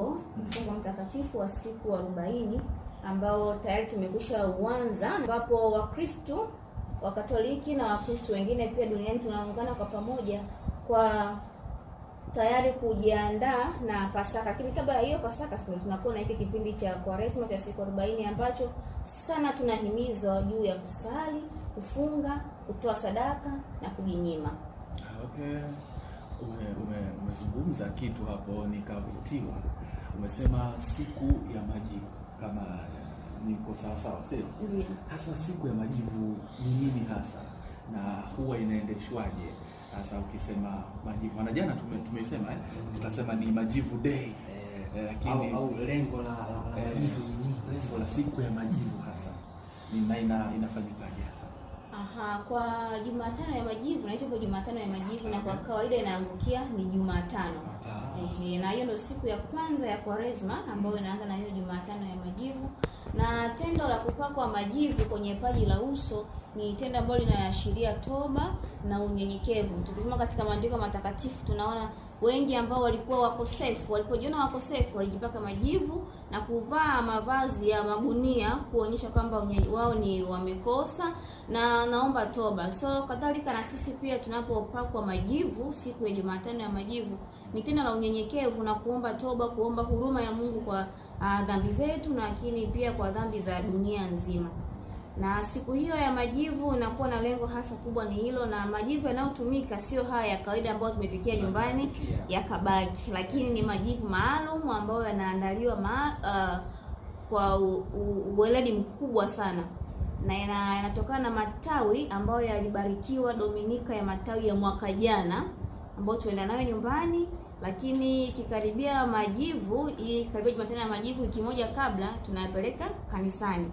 mfungo mfungo mtakatifu wa siku arobaini ambao tayari tumekwisha uanza, ambapo Wakristo Wakatoliki na Wakristo wengine pia duniani tunaungana kwa pamoja kwa tayari kujiandaa na Pasaka. Lakini kabla ya hiyo Pasaka, tunakuwa na hiki kipindi cha Kwaresma cha siku arobaini ambacho sana tunahimizwa juu ya kusali, kufunga, kutoa sadaka na kujinyima. Ah, okay, umezungumza ume, ume kitu hapo nikavutiwa umesema siku ya majivu, kama niko sawasawa, sio? Hasa siku ya majivu ni nini hasa na huwa inaendeshwaje? hasa ukisema majivu, na jana tumesema eh, mm. tukasema ni majivu day eh, eh lakini au lengo la eh, majivu ni nini? Lengo la siku ya majivu hasa ni na inafanyikaje hasa? Aha, kwa Jumatano ya Majivu naitwa kwa Jumatano ya Majivu na kwa kawaida inaangukia ni Jumatano. Ehe, na hiyo ndio siku ya kwanza ya Kwaresma ambayo inaanza na hiyo Jumatano ya Majivu. Na tendo la kupakwa majivu kwenye paji la uso ni tendo ambalo linaashiria toba na unyenyekevu. Tukisoma katika maandiko matakatifu tunaona wengi ambao walikuwa wakosefu, walipojiona wakosefu walijipaka majivu na kuvaa mavazi ya magunia kuonyesha kwamba wao ni wamekosa na naomba toba. So kadhalika na sisi pia tunapopakwa majivu siku ya Jumatano ya majivu ni tendo la unyenyekevu na kuomba toba, kuomba huruma ya Mungu kwa uh, dhambi zetu, lakini pia kwa dhambi za dunia nzima na siku hiyo ya majivu inakuwa na lengo hasa kubwa ni hilo, na majivu yanayotumika sio haya ya kawaida ambayo tumepikia nyumbani yakabaki, lakini ni majivu maalum ambayo yanaandaliwa ma, uh, kwa uweledi mkubwa sana na yanatokana na matawi ambayo yalibarikiwa Dominika ya matawi ya mwaka jana ambayo tuenda nayo nyumbani, lakini ikikaribia majivu, ikikaribia Jumatano ya majivu wiki moja kabla tunayapeleka kanisani.